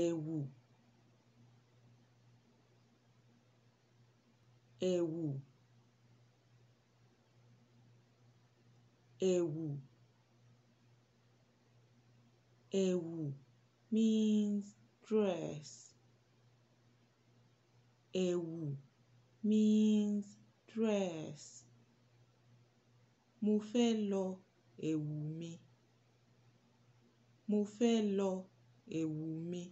ẹ̀wù ẹ̀wù ẹ̀wù ẹ̀wù means dress ẹ̀wù means dress mo fẹ́ lọ ẹ̀wù mi mo fẹ́ lọ ẹ̀wù mi.